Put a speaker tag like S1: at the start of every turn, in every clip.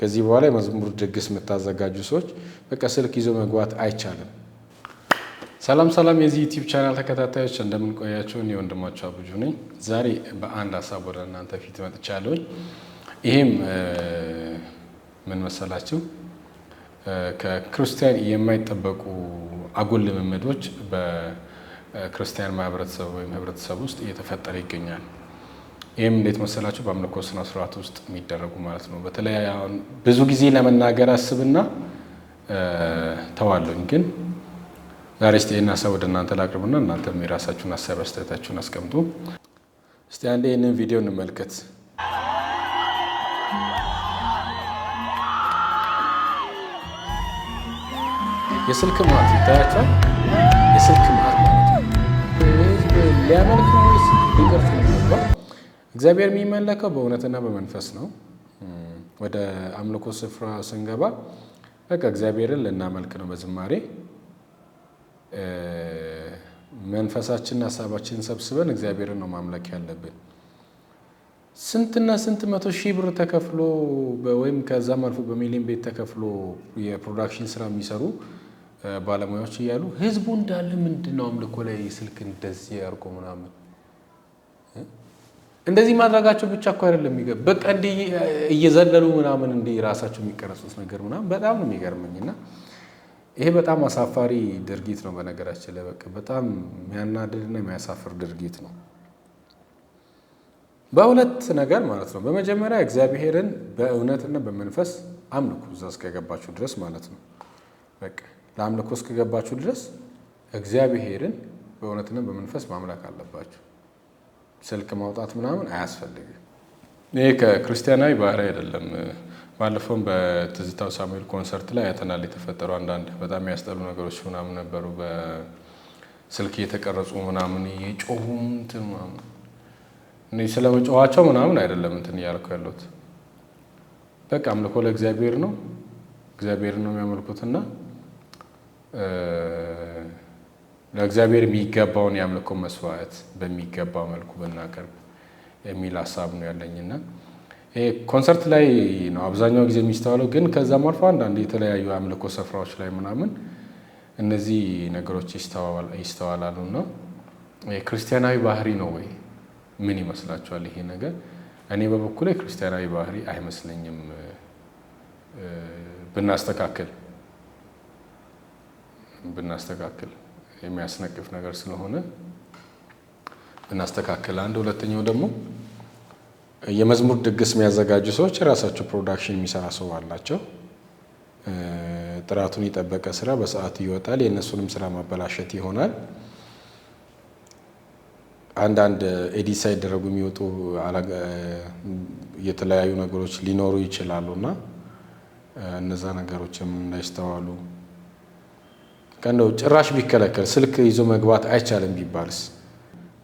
S1: ከዚህ በኋላ የመዝሙር ድግስ የምታዘጋጁ ሰዎች በቃ ስልክ ይዞ መግባት አይቻልም። ሰላም ሰላም፣ የዚህ ዩቲዩብ ቻናል ተከታታዮች እንደምንቆያቸው እኔ ወንድማችሁ አብጁ ነኝ። ዛሬ በአንድ ሀሳብ ወደ እናንተ ፊት መጥቻለሁኝ። ይሄም ምን መሰላችሁ ከክርስቲያን የማይጠበቁ አጉል ልምምዶች በክርስቲያን ማህበረሰብ ወይም ህብረተሰብ ውስጥ እየተፈጠረ ይገኛል። ይህም እንዴት መሰላችሁ በአምልኮ ስነ ስርዓት ውስጥ የሚደረጉ ማለት ነው። በተለይ ብዙ ጊዜ ለመናገር አስብና ተዋለኝ፣ ግን ዛሬ እስቲ ይህን ሀሳብ ወደ እናንተ ላቅርቡና እናንተም የራሳችሁን ሀሳብ አስተያየታችሁን አስቀምጡ። እስቲ አንዴ ይህንን ቪዲዮ እንመልከት። የስልክ ማት ይታያቸዋል እግዚአብሔር የሚመለከው በእውነትና በመንፈስ ነው። ወደ አምልኮ ስፍራ ስንገባ በቃ እግዚአብሔርን ልናመልክ ነው በዝማሬ መንፈሳችንን ሀሳባችንን ሰብስበን እግዚአብሔርን ነው ማምለክ ያለብን። ስንትና ስንት መቶ ሺህ ብር ተከፍሎ ወይም ከዛም አልፎ በሚሊዮን ቤት ተከፍሎ የፕሮዳክሽን ስራ የሚሰሩ ባለሙያዎች እያሉ ህዝቡ እንዳለ ምንድነው አምልኮ ላይ ስልክ እንደዚህ አድርጎ ምናምን እንደዚህ ማድረጋቸው ብቻ እኮ አይደለም የሚገርም። በቃ እንዲህ እየዘለሉ ምናምን እንዲህ ራሳቸው የሚቀረጹት ነገር ምናምን በጣም ነው የሚገርመኝ እና ይሄ በጣም አሳፋሪ ድርጊት ነው። በነገራችን ላይ በቃ በጣም የሚያናድድና የሚያሳፍር ድርጊት ነው በሁለት ነገር ማለት ነው። በመጀመሪያ እግዚአብሔርን በእውነትና በመንፈስ አምልኩ እዛ እስከገባችሁ ድረስ ማለት ነው። በቃ ለአምልኮ እስከገባችሁ ድረስ እግዚአብሔርን በእውነትና በመንፈስ ማምለክ አለባችሁ። ስልክ ማውጣት ምናምን አያስፈልግም። ይህ ከክርስቲያናዊ ባህሪ አይደለም። ባለፈውም በትዝታው ሳሙኤል ኮንሰርት ላይ አይተናል። የተፈጠሩ አንዳንድ በጣም ያስጠሉ ነገሮች ምናምን ነበሩ። በስልክ እየተቀረጹ ምናምን እየጮሁ እንትን ምናምን ስለ መጮኋቸው ምናምን አይደለም እንትን እያልኩ ያለሁት በቃ አምልኮ ለእግዚአብሔር ነው። እግዚአብሔር ነው የሚያመልኩትና ለእግዚአብሔር የሚገባውን የአምልኮ መስዋዕት በሚገባ መልኩ ብናቀርብ የሚል ሀሳብ ነው ያለኝና ኮንሰርት ላይ ነው አብዛኛው ጊዜ የሚስተዋለው። ግን ከዛም አልፎ አንዳንድ የተለያዩ የአምልኮ ስፍራዎች ላይ ምናምን እነዚህ ነገሮች ይስተዋላሉና ክርስቲያናዊ ባህሪ ነው ወይ? ምን ይመስላችኋል ይሄ ነገር? እኔ በበኩሌ ክርስቲያናዊ ባህሪ አይመስለኝም። ብናስተካክል ብናስተካክል የሚያስነቅፍ ነገር ስለሆነ እናስተካከል። አንድ ሁለተኛው ደግሞ የመዝሙር ድግስ የሚያዘጋጁ ሰዎች የራሳቸው ፕሮዳክሽን የሚሰራ ሰው አላቸው። ጥራቱን የጠበቀ ስራ በሰዓቱ ይወጣል። የእነሱንም ስራ ማበላሸት ይሆናል። አንዳንድ ኤዲት ሳይደረጉ የሚወጡ የተለያዩ ነገሮች ሊኖሩ ይችላሉ እና እነዛ ነገሮችም እንዳይስተዋሉ ቀንደው ጭራሽ ቢከለከል ስልክ ይዞ መግባት አይቻልም ቢባልስ?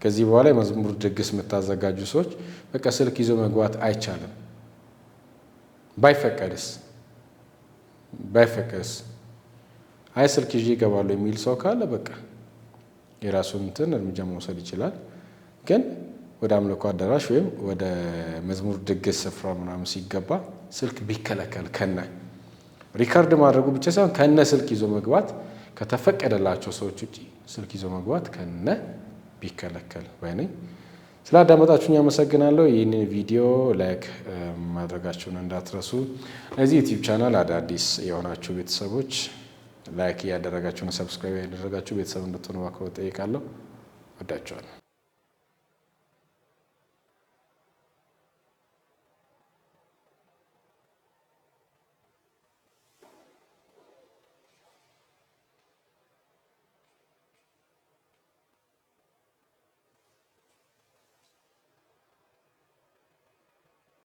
S1: ከዚህ በኋላ የመዝሙር ድግስ የምታዘጋጁ ሰዎች በቃ ስልክ ይዞ መግባት አይቻልም ባይፈቀድስ ባይፈቀድስ? አይ ስልክ ይዤ ይገባሉ የሚል ሰው ካለ በቃ የራሱን እንትን እርምጃ መውሰድ ይችላል። ግን ወደ አምልኮ አዳራሽ ወይም ወደ መዝሙር ድግስ ስፍራ ምናምን ሲገባ ስልክ ቢከለከል ከነ ሪካርድ ማድረጉ ብቻ ሳይሆን ከነ ስልክ ይዞ መግባት ከተፈቀደላቸው ሰዎች ውጭ ስልክ ይዞ መግባት ከነ ቢከለከል ባይነኝ። ስላዳመጣችሁኝ አመሰግናለሁ። ይህንን ቪዲዮ ላይክ ማድረጋችሁን እንዳትረሱ። እዚህ ዩቲዩብ ቻናል አዳዲስ የሆናችሁ ቤተሰቦች ላይክ እያደረጋችሁን ሰብስክራይብ እያደረጋችሁ ቤተሰብ እንድትሆኑ በአክብሮት ጠይቃለሁ። ወዳችኋለሁ።